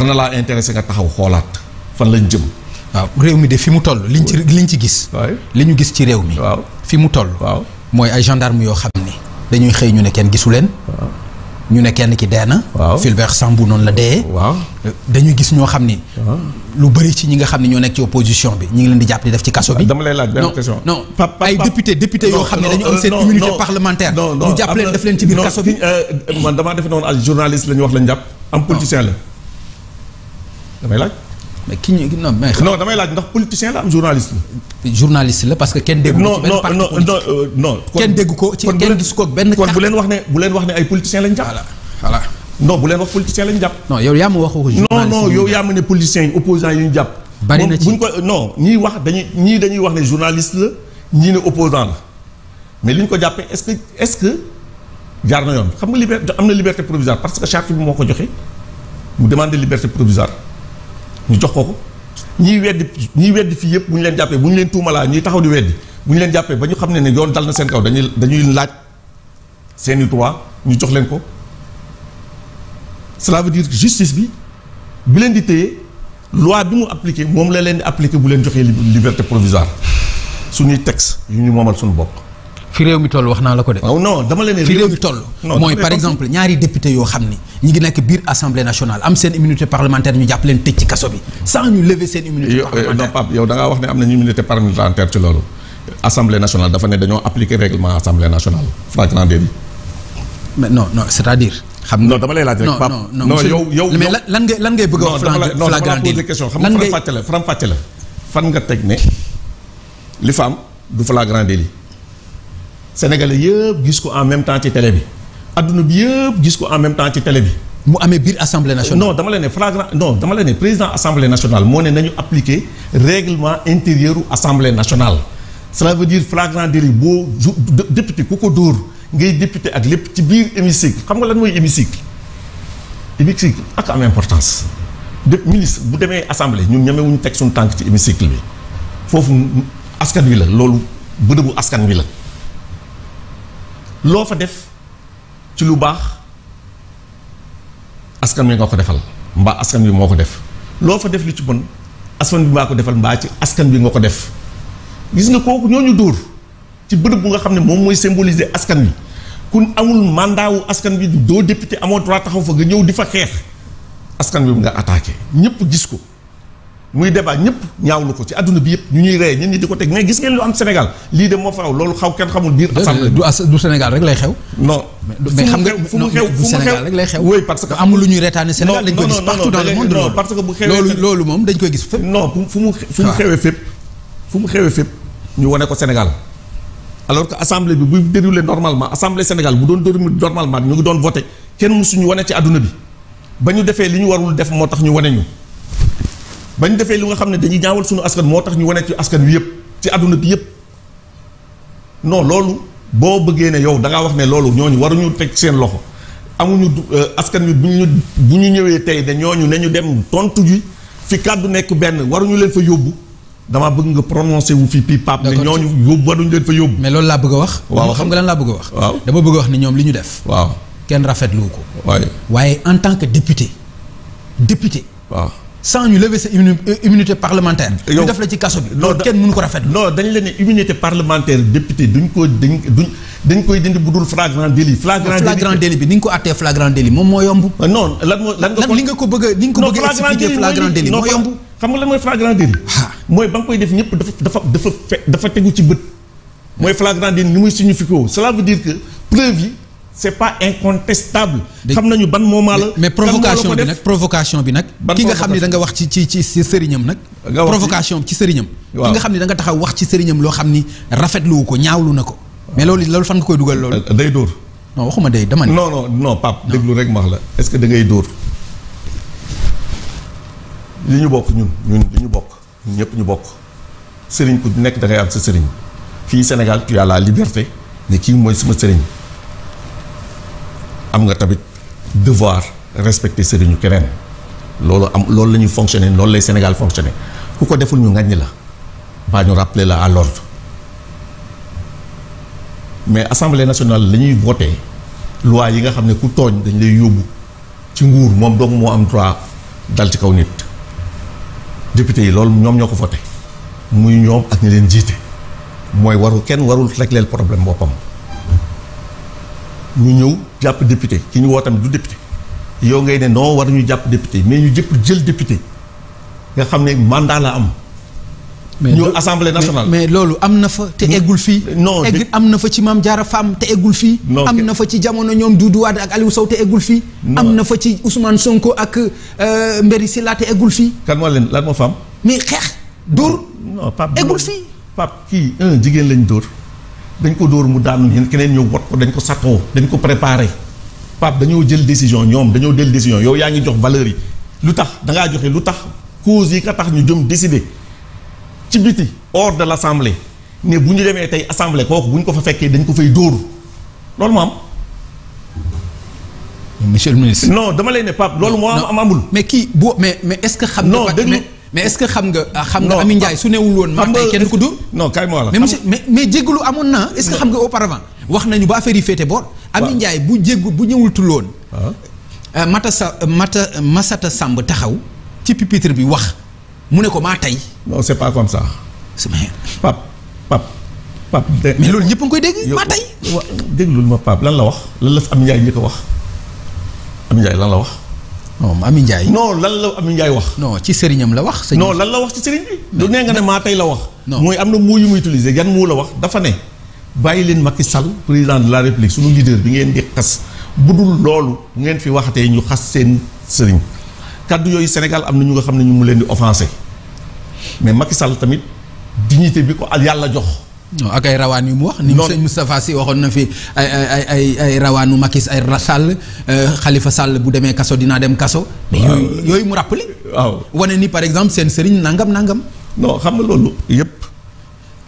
war na laa intéressé nga taxaw xoolaat fan lañ jëm. waaw réew mi de fi mu toll liñ ci liñ ci gis. li ñu gis ci réew mi. waaw fi mu toll. waaw mooy ay gendarme yoo xam ni. dañuy xëy ñu ne kenn gisu leen. ñu ne kenn ki dee na. waaw Fulbert Sambou noonu la dee. waaw dañuy gis ñoo xam ni. lu bëri ci ñi nga xam ne ñoo nekk ci opposition bi ñu ngi leen di jàpp di def ci kaso bi. dama lay laaj benn question ay député député yoo xam ne dañu am euh, seen immunité parlementaire. ñu jàpp leen def leen ci biir kaso bi. Euh, man damaa def noonu la ñu wax lañ jàpp. am politicien la. damay laaj. mais ki ñu non mais. non damay laaj ndax politicien la am journaliste la. journaliste la parce que kenn déggu ko ci benn parti politique non euh, non non kenn déggu ko ci kenn gis ko benn. kon bu leen wax ne bu leen wax ne ay politiciens lañ jàpp. voilà voilà. non bu leen wax politicien lañ jàpp. non yow yaa ma wax ko non non yow yaa ma ne politiciens yi opposants yi ñu jàpp. bari na ci buñ ko non ñii wax dañuy ñii dañuy wax ne journaliste la ñii ne opposant la mais li ñu ko jàppee est-ce que est-ce que jaar na yoon xam nga liberté am na liberté provisoire parce que charte bi moo ko joxe mu demande liberté provisoire. ñu jox ko ko ñiy weddi ñiy weddi fii yëpp bu ñu leen jàppee bu ñu leen tuumalaa ñuy taxaw di weddi bu ñu leen jàppee ba ñu xam ne ne yoon dal na seen kaw dañuy dañuy laaj seeni droit ñu jox leen ko cela veut dire justice bi bi leen di téye loi bi mu appliqué moom la leen di appliqué bu leen joxee liberté provisoire suñuy texte yu ñu moomal suñu bopp fi réew mi toll wax naa la ko de. waaw oh, non dama leen réew mi toll. mooy par exemple ñaari député yoo xam ni ñi ngi nekk biir assemblée nationale am seen immunité parlementaire ñu jàpp leen tëj ci kaso bi sans ñu lever seen immunité parlementaire eh, Pape yow wax ne am nañu immunité parlementaire ci loolu. assemblée nationale dafa ne dañoo appliquer règlement assemblée nationale flagrant délit. mais non non c'est-à-dire. xam nga non dama lay laaj rek. Pape non non yow yow mais lan ngay lan ngay bëgg wax. flagrant délit lan ngay non dama la non dama la posé question xam fàcce la fan nga teg ne li fa am du flagrant délit sénégalais yëpp gis ko en même temps ci télé bi adduna bi yëpp gis ko en même temps ci télé bi. mu amee biir assemblée nationale. non dama la ne flagrant non dama la ne président assemblée nationale moo ne nañu appliquer règlement intérieur u assemblée nationale. cela veut dire flagrant délit boo ju ku ko dóor ngay député ak lépp ci biir hémicycle xam nga lan mooy hémicycle hémicycle ak am importance. de ministre bu demee assemblée ñun ñamewuñu teg suñu tànk ci hémicycle bi foofu askan wi la loolu bërëbu askan wi la. loo fa def ci lu baax askan wi nga ko defal mbaa askan wi moo ko def loo fa def li ci bon askan bi maa ko defal mbaa ci askan bi nga ko def gis nga kooku ñooñu dóor ci bërëb bu nga xam ne moom mooy symboliser askan bi kun amul màndaawu askan bi doo député amoo droit taxaw fa nga ñëw di fa xeex askan bi nga attaqué ñëpp gis ko muy debaat ñëpp ñaawlu ko ci àdduna bi yëpp ñu ñuy ree ñun ñi di ko teg mais gis ngeen lu am Sénégal lii de moo faraw loolu xaw kenn xamul biir assemblée que amul lu ñuy reetaane Sénégal dañ koy gis partout dans le monde non parce ah. que wane ko Sénégal alors que bi bu déroulé normalement assemblée Sénégal bu doon déroulé normalement ñu ngi doon voté kenn mësuñu wane ci àdduna bi ba ñu defee li ñu warul def moo tax ñu wane ñu bañ defee lu nga xam ne dañuy ñaawal suñu askan moo tax ñu wane ci askan wi yëpp ci àdduna bi yëpp non loolu boo bëggee ne yow da ngaa wax ne loolu ñooñu waruñu teg seen loxo amuñu du euh, askan wi bu ñu bu ñu ñëwee tey de ñooñu ñu dem tontu ji fi kàddu nekk benn waruñu leen fa yóbbu dama bëgg nga prononcé wu fi pipaap ne ñooñu yóbbu waruñu leen fa yóbbu. mais loolu laa bëgg a wax. waaw xam nga lan laa bëgg a wax. waaw dama bëgg a wax ne ñoom li ñu def. waaw kenn rafetlu ko. waaye en tant que député député. waaw sans ñu lever sa immunité parlementaire. yow ñu def la ci kaso bi. loolu kenn mënu ko rafet non dañ la ne immunité parlementaire député duñ ko dañ duñ dañ koy dindi bu dul flagrant délit. flagrant délit bi ni nga ko àttee flagrant délit moom moo yomb. Euh, non lan moo lan nga ko li nga ko bëgg a li ko bëgg a expliquer flagrant moo yomb. xam nga lan mooy flagrant délit. mooy ba nga koy def ñëpp dafa dafa dafa fe dafa tegu ci bët. mooy flagrant délit ni muy signifié woo c'est pas incontestable. xam nañu ban moment la. mais provocation bi nag provocation bi nag. ki nga xam ne da nga wax ci ci ci ci sëriñam nag. provocation ci sëriñam. waaw ki nga xam ne danga taxaw wax ci sëriñam loo xam ni rafetluwu ko ñaaw lu na ko. mais loolu loolu fan nga koy dugal loolu. day dóor. non waxuma day dama ne. non non non Pape déglu rek ma wax la est-ce que ngay dóor. li ñu bokk ñun ñun ñu bokk ñun ñëpp ñu bokk sëriñ ku nekk da ngay am sa sëriñ fii Sénégal tu as la liberté ne kii mooy suma sëriñ. am nga tamit devoir respecte sëriñu keneen loolu am loolu la ñuy fonctionner loolu lay Sénégal fonctionner ku ko deful ñu ŋàññi la baa ñu rappeler la à l'ordre mais assemblée nationale lañuy ñuy voté yi nga xam ne ku tooñ dañ lay yóbbu ci nguur moom doom moo am droit dal ci kaw nit député yi loolu ñoom ñoo ko voté muy ñoom ak ñi leen jiite mooy warul kenn warul régler problème boppam ñu ñëw jàpp député ki ñu woo tamit du député yow nga ne non war ñu jàpp député mais ñu jëpp jël député nga xam ne mandat la am. mais ñëw assemblée nationale mais loolu am na fa. te eggul fii. egg am na fa ci maam jaara Fam te eggul fii. am na fa ci jamono ñoom Doudou Wade ak Aliou Sow te eggul fii. am na fa ci Ousmane Sonko ak euh, Mbéri Sylla te eggul fii. kan moo leen lan moo fa am. mais xeex. dóor non Pape eggul fii. Pape kii jigéen lañ dóor. dañ ko dóor mu daan ñeneen keneen ñëw wat ko dañ ko sattoo dañ ko préparé pap dañoo jël décision ñoom dañoo jël décision yow yaa ngi jox valeur yi lu tax dangaa joxe lu tax cause yi ka tax ñu jëm décider ci biti hors de l' assemblée ne bu ñu demee tey assemblée kooku bu ñu ko fa fekkee dañ ko fay dóor loolu moo am. monsieur ministre. non dama lay ne loolu moo am amul. mais kii bu mais mais est ce que. xam nga non mais est-ce que xam nga. Ah, xam nga Ami Ndiaye su newul woon. xam kenn ku dóor. non kay moo la mais monsieur mais mais jéggalu amoon na est-ce que xam nga auparavant. wax nañu ba affaire yi féete boor. waaw Ami Ndiaye bu jéggu bu ñëwultul woon. Ah. Euh, Mata euh, Mata euh, Masata Samb taxaw ci pipitre bi wax mu ne ko maa tey. non c'est pas comme mais loolu ñëpp a koy dégg maa tey. déglul ma Pape lan la wax lan la Ami Ndiaye ñu ko wax Ami Ndiaye lan la wax. non oh, Ami Ndiaye. non lan la Ami Ndiaye wax. non ci sëriñam la wax. non lan la wax ci sëriñ bi. du nee nga ne maa tey la wax. mooy am na muu yu muy utiliser yan muu la wax dafa ne. bàyyi leen Macky Sall président de la république suñu leader bi ngeen di xas bu dul loolu ngeen fi waxatee ñu xas seen sëriñ kàddu yooyu Sénégal am na ñu nga xam ne ñu mu leen di offensé mais Macky Sall tamit dignité bi ko yàlla jox. ak ay rawaan yu mu wax. ni sëñ Moustapha Sy waxoon na fi ay ay ay ay rawaanu Macky ay Sall xalifa euh, Sall bu demee kaso dinaa dem kaso. yooyu yooyu mu rappelé. waaw wane ni par exemple seen sëriñ nangam nangam. non xam nga loolu yëpp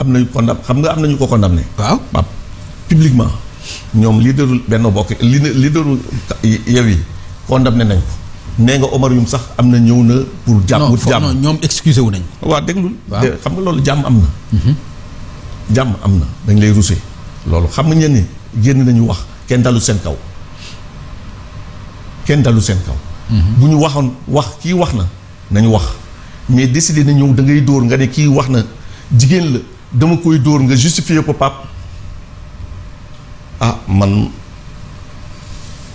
am nañu condam xam nga am nañu ko condamné. waaw waaw publiquement ñoom leaderu benn bokk leaderu yow yi ne nañ ko. nee nga Omar Youm sax am na ñëw na. pour jàmm wut jàmm ñoom excusé wu nañ. waaw déglul. Eh, xam nga loolu jàmm am na. Mhm. jàmm am na dañ lay rusé loolu xam nañ ne génn nañu wax kenn dalu seen kaw kenn dalu seen kaw. Mhm. bu ñu waxoon wax kii wax na nañu wax mais décidé na ñëw da ngay dóor nga ne kii wax na jigéen la dama koy dóor nga justifier ko pap ah man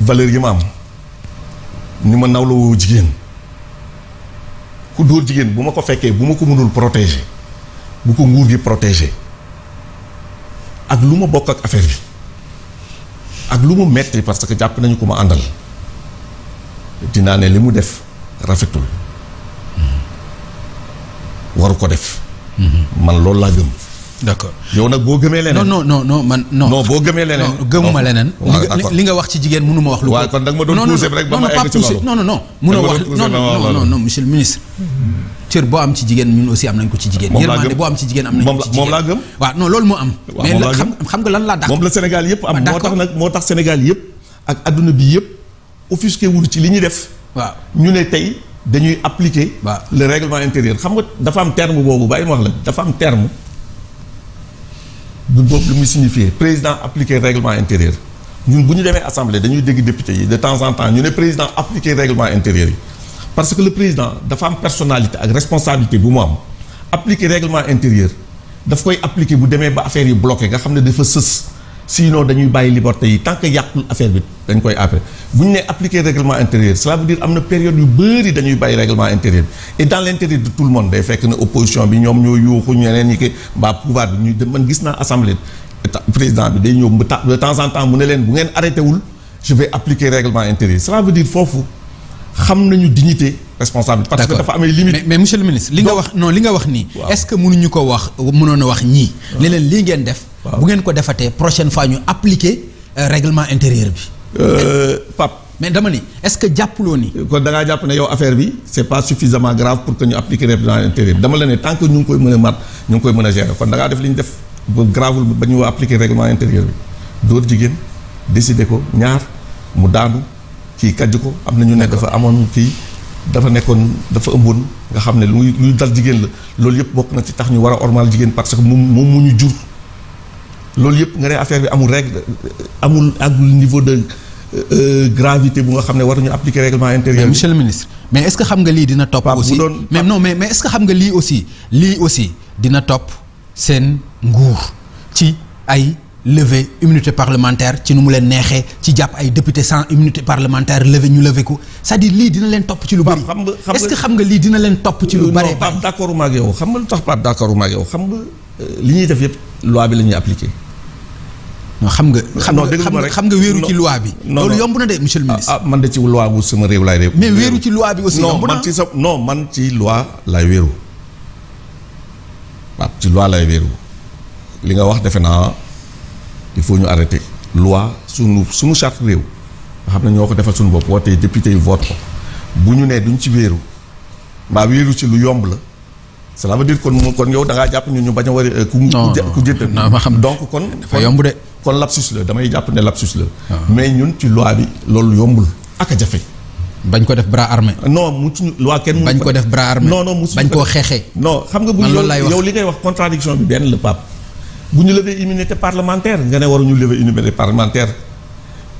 valeur yi ma am ni ma naw woo jigéen ku dóor jigéen bu ma ko fekkee bu ma ko mënul protéger bu ko nguur gi protéger. ak lu ma bokk ak affaire bi ak lu mu metti parce que jàpp nañu ko ma àndal dinaa ne li mu def rafetul waru ko def. man lool laa gëm. d'accord yow nag boo gëmee leneen. non non non man non. non boo gëmee leneen. non gëmuma leneen. li nga wax ci jigéen mënu ma wax. lu ko kon nag ma doon pousser rek ba ma egg ci loolu non ministre. cër boo am ci jigéen ñun aussi am nañ ko ci jigéen yërmande boo am ci jigéen am nañ ko moom laa gëm waaw non loolu moo am mais xam nga lan laa dàq moom la Sénégal yëpp am ah, moo tax nag moo tax Sénégal yëpp ak adduna bi yëpp offusqué wul ci li ñuy def waaw ñu ne tey dañuy appliquer waaw le règlement intérieur xam nga dafa am terme boobu bàyyi ma wax la dafa am terme bu boobu lu muy signifier président appliquer règlement intérieur ñun bu ñu demee assemblée dañuy dégg député yi de temps en ñu ne président appliquer règlement intérieur yi parce que le président dafa am personnalité ak responsabilité bu mu am appliquer règlement intérieur daf koy appliquer bu demee ba affaire yi bloqué nga xam ne dafa sës sinon dañuy bàyyi liberté yi tant que yàqul affaire bi dañ koy après bu ñu nee appliquer règlement intérieur cela veut am na période yu bëri dañuy bàyyi règlement intérieur et dans l' intérêt de tout le monde day fekk ne opposition bi ñoom ñoo yuuxu ñeneen ñi ki mbaa pouvoir bi ñuy day ñëw de temps en temps mu ne leen bu ngeen arrêté wul je vais appliquer règlement intérieur cela veut xam nañu dignité responsable parce que dafa amee limite. mais mais monsieur le ministre li nga wax non li nga wax nii. est-ce que mënuñu ko wax mënoon wax ñii. ne leen lii ngeen def. bu ngeen ko defatee prochaine fois ñu appliquer euh, règlement intérieur bi. Euh, Pape. mais dama ni est-ce que jàppuloo ni. kon da jàpp ne yow affaire bi c'est pas suffisamment grave pour que ñu appliquer règlement intérieur dama la ne tant ñu ngi koy mën a mat ñu ngi koy mën a gérer da kii kàjj ko am na ñu ne dafa amoon kii dafa nekkoon dafa ëmboon nga xam ne lu muy luy dal jigéen la loolu yëpp bokk na ci tax ñu war a ormal jigéen parce que moom moom mu ñu jur loolu yëpp nga ne affaire bi amul règle amul agul niveau de euh, euh, gravité bu nga xam ne war nañu appliquer règlement intérieur monsieur le ministre mais est xam nga lii dina topp aussi mais non mais mais est-ce que xam nga lii aussi lii aussi dina topp seen nguur ci ay lever immunité parlementaire ci nu mu leen neexee ci jàpp ay député sans immunité parlementaire lever ñu lever ko cest à lii dina leen topp ci lu bari xam nga est-ce que xam nga lii dina leen topp ci lu bari Pape d'accord ma ak yow xam nga lu tax Pape d'accord ma ak xam nga euh, li ñuy def yëpp loi bi la ñuy appliquer non xam nga xam nga xam nga wéeru ci loi bi loolu yomb na de monsieur le ah, ministre ah, man de ci loi bu sama réew laay réew mais wéeru ci loi bi aussi yomb na non man ci sa wéeru ci loi laay nga wax defe naa il faut ñu arrêter loi sunu sunu charte réew nga xam ne ñoo ko defal suñu bopp wootee député yi vote ko bu ñu nee duñ ci wéeru mbaa wéeru ci lu yomb la cela veut dire kon kon yow da ngaa jàpp ñu ñu bañ a war a eh, ku ku xam donc kon dafa yomb de kon lapsus la damay jàpp ne lapsus la ah. mais ñun ci loi bi loolu yombul ak a jafe bañ ko def bras armé. non mucc loi kenn mu bañ ko def bras armé. non non mucc bañ koo xeexee. non xam nga bu yow li ngay wax contradiction bi benn la pap bu ñu lever immunité parlementaire nga ne waruñu lever immunité parlementaire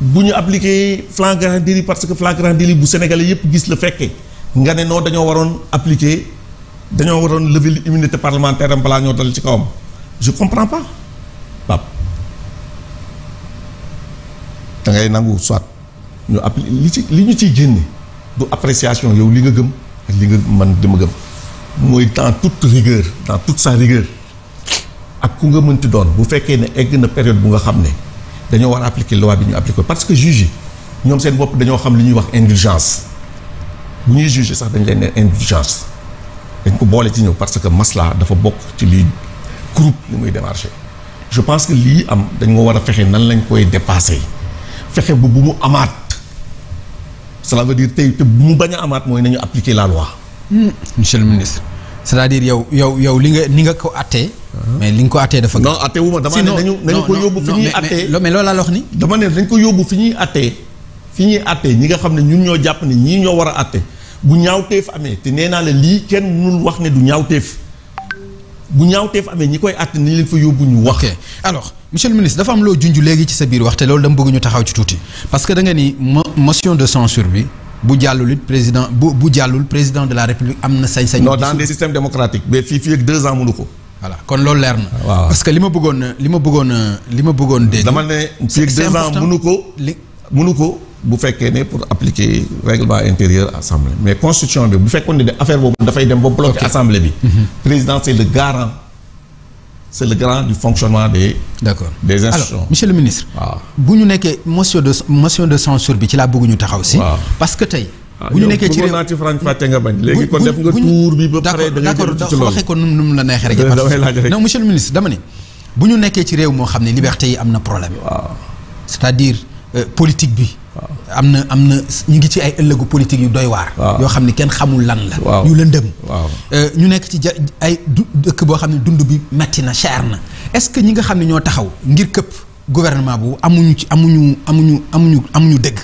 bu ñu appliqué flagrant délit parce que flagrant délit bu sénégalais yépp gis la fekkee nga ne noo dañoo waroon appliqué dañoo waroon lever immunité parlementaire am balaa ñoo dal ci kawam je comprends pas Pape da ngay nangu soit ñu appli li ci li ñu ciy génne du appréciation yow li nga gëm li nga man dama gëm mooy dans toute rigueur dans tout sa rigueur ak ku nga mënti doon bu fekkee ne egg na période bu nga xam ne dañoo war appliquer loi bi ñu appliquer parce que juge yi ñoom seen bopp dañoo xam li ñuy wax indulgence bu ñuy juger sax dañ leen ne indulgence dañ ko boole ci ñëw parce que masla dafa bokk ci lii groupe li muy démarché je pense que lii am dañ ko war a fexe nan lañ koy dépassé fexe bu bu mu amaat cela veut dire tey te bu mu bañ a amaat mooy nañu appliquer laa loi monsieur le ministre c'est-à-dire yow yow yow li nga ni nga ko attee. Uh-huh. mais li nga ko attee dafa. non attee wu dama ne dañu dañu ko yóbbu fi ñuy attee ni. dama ne dañ ko yóbbu fi ñuy attee fi ñuy attee ñi nga xam ne ñun ñoo jàpp ne ñii ñoo war a atte bu ñaawteef amee te nee naa la lii kenn mënul wax ne du ñaaw ñaawteef bu ñaawteef amee ñi koy atte ni leen fa yóbbu ñu wax. ok alors monsieur le ministre dafa am loo junj léegi ci sa biir wax te loolu dama bëgguñu taxaw ci tuuti parce que da nga ni motion de censure bi. bu jàllul it président bu bu jàllul président de la république am na sañ-sañ. non dans des systèmes démocratiques mais fii fii ak deux ans mënu ko. voilà kon loolu leer na. Ah, waaw parce que li ma bëggoon li ma bëggoon li dama ne fii ak deux ans mënu ko li mënu ko. bu fekkee ne pour appliquer règlement intérieur assemblée mais constitution bi bu fekkoon ne de affaire boobu dafay dem ba bloqué assemblée bi. Mhm. président c'est le garant. c'est le grand du fonctionnement des. d'accord des institutions alors monsieur le ministre. Ah. bu ñu nekkee motion de censure bi ci laa bëgg taxaw si. parce que tey. Ah, bu ñu nekkee ci réew naa ci faram fàcce nga bañ. léegi kon def nga tour waxee ko nu mu la neexee rek. damay laaj monsieur le ministre dama ne. bu ñu nekkee ci réew moo xam ne liberté yi am na problème. c'est-à-dire euh, politique bi. am na am na ñu ngi ci ay ëllëgu politique yu doy waar. yoo xam ne kenn xamul lan la. yu lëndëm euh, ñu nekk ci ja ay du dëkk boo xam ne dund bi metti na cher na est-ce que ñi nga xam ne ñoo taxaw ngir këpp gouvernement bu amuñu ci amuñu amuñu amuñu amuñu dëgg.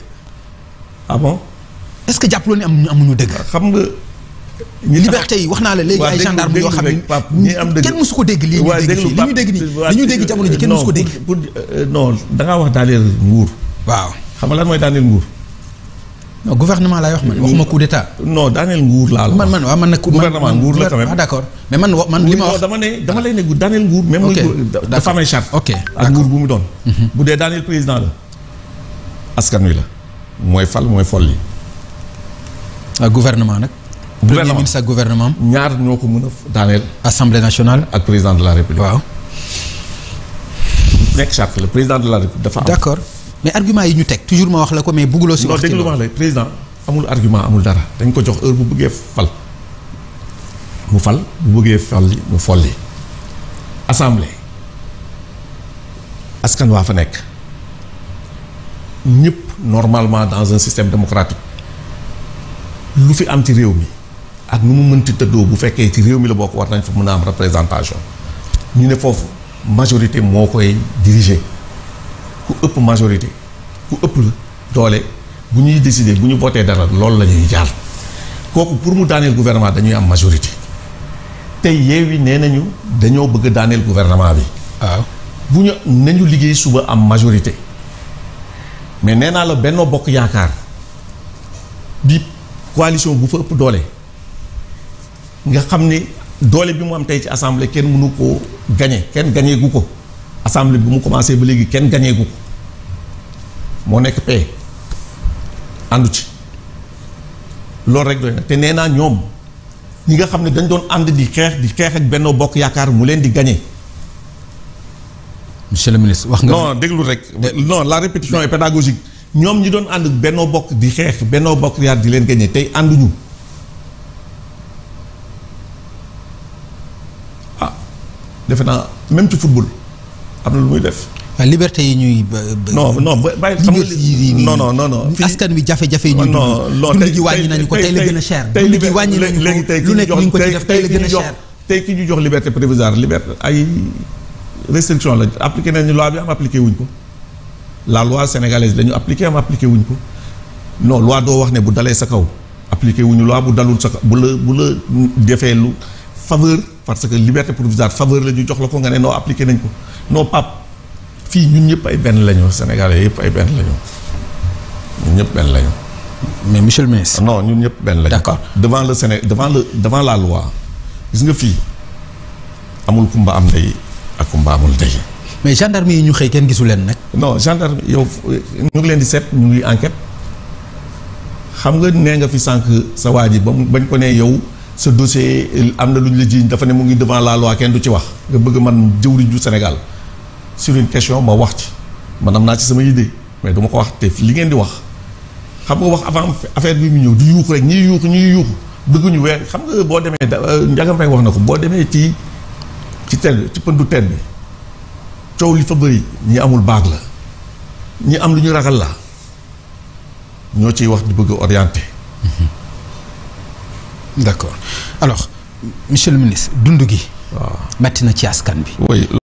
ah bon. est-ce que jàppaloo ne amuñu amuñu dëgg. Ah, xam nga. ñu liberté yi wax naa la léegi ay gendarme yoo xam ne kenn mësu ko dégg lii ñu dégg fii ñu dégg nii li ñu dégg jamono ji euh, kenn mësu ko dégg. Euh, non wax ngaa wax daal nguur waaw. xam nga lan mooy daaneel nguur. non gouvernement laay wax man waxuma coup d'état. non daaneel nguur laa la man man waaw man nag. gouvernement nguur la quand même ah, d'accord mais man man li ma wax. dama ne dama lay ne daaneel nguur. même muy dafa amee charte. ok ak nguur bu mu doon. Mhm. bu dee daaneel président la. askan wi la. mooy fal mooy fol folli. Ah, gouvernement nag. gouvernement premier ministre ak gouvernement ñaar ñoo ko mën a daaneel. assemblée nationale. ak président de la république. waaw. de la république dafa mais argument yi ñu teg toujours ma wax la ko mais bugguloo si wax ci wax la président amul amul dara dañ ko jox heure bu bëggee fal mu fal bu bëggee falli mu folli assemblée askan waa fa nekk ñëpp normalement dans un système démocratique lu fi am ci réew mi ak nu mu mënti tëddoo bu fekkee ci réew mi la bokk war nañ fa mën a am représentation ñu ne foofu majorité moo koy diriger ku ëpp majorité ku ëpp doole bu ñuy décider bu ñu bootee dara loolu lañuy ñuy kooku pour mu daaneel gouvernement dañuy am majorité tey yi nee nañu dañoo bëgg daaneel gouvernement bi. waaw ah. bu ñu nañu liggéey suba am majorité mais nee naa la Benno Bokk Yaakaar bi coalition bu fa ëpp doole nga xam ni doole bi mu am tey ci assemblée kenn mënu koo gañe kenn gañe gu ko. assemblée bi mu commencé ba léegi kenn gañeeku ko moo nekk paix àndu ci loolu rek doy na te nee naa ñoom ñi nga xam ne dañ doon ànd di xeex di xeex ak Benno Bokk Yaakaar mu leen di gañe monsieur le ministre wax nga. non déglu rek non la répétition est pédagogique ñoom ñi doon ànd Benno Bokk di xeex bennoo Bokk Yaakaar di leen gañe tey ànduñu ah defe naa même ci football. am na lu muy def. Ah, liberté yi ñuy. non non bàyyi xam nga non non non. askan wi jafe-jafe yi ñuy. non non tey tey wàññi nañu ko tey la gën a tey li wàññi nañu ko lu ñu ko ci def tey la gën a cher. tey ki ñu jox liberté provisoire liberté ay restriction la appliqué nañu loi bi am appliqué wuñ ko. la loi sénégalaise la ñu appliqué am appliqué wuñ ko non loi doo wax ne bu dalee sa kaw appliqué wuñu loi bu dalul sa kaw bu la bu la defee lu faveur. parce que liberté provisoire faveur la ñu jox la ko nga ne noo appliqué nañ ko non pap fii ñun ñëpp ay benn lañu Sénégalais yëpp ay benn lañu ñun ñëpp benn lañu. mais monsieur le ministre. non ñun ñëpp benn lañu. d'accord devant le Séné devant le devant la loi gis nga fii amul kumba am ndey ak kumba amul ndey. mais gendarme yi ñu xëy kenn gisu leen nag. non gendarme yow ñu ngi leen di set ñu ngi enquête xam nga nee nga fi sànq sa waa ji ba mu bañ ko nee yow. sa dossier am na lu ñu la jiiñ dafa ne mu ngi devant la loi kenn du ci wax nga bëgg man jëwriñ ju Sénégal sur une question ma wax ci man am naa ci sama idée mais duma ko wax te li ngeen di wax xam nga wax avant affaire bi mu ñëw di yuuxu rek ñiy yuuxu ñiy yuuxu bëgguñu weer xam nga boo demee da euh, njagam rek wax na ko boo demee ci ci teen ci pëndu teen bi coow li fa bëri ñi amul baag la ñi am lu ñu ragal la ñoo ciy wax di bëgg orienté mm-hmm. d' accord alors monsieur le ministre dund gi. waaw metti na ci askan bi.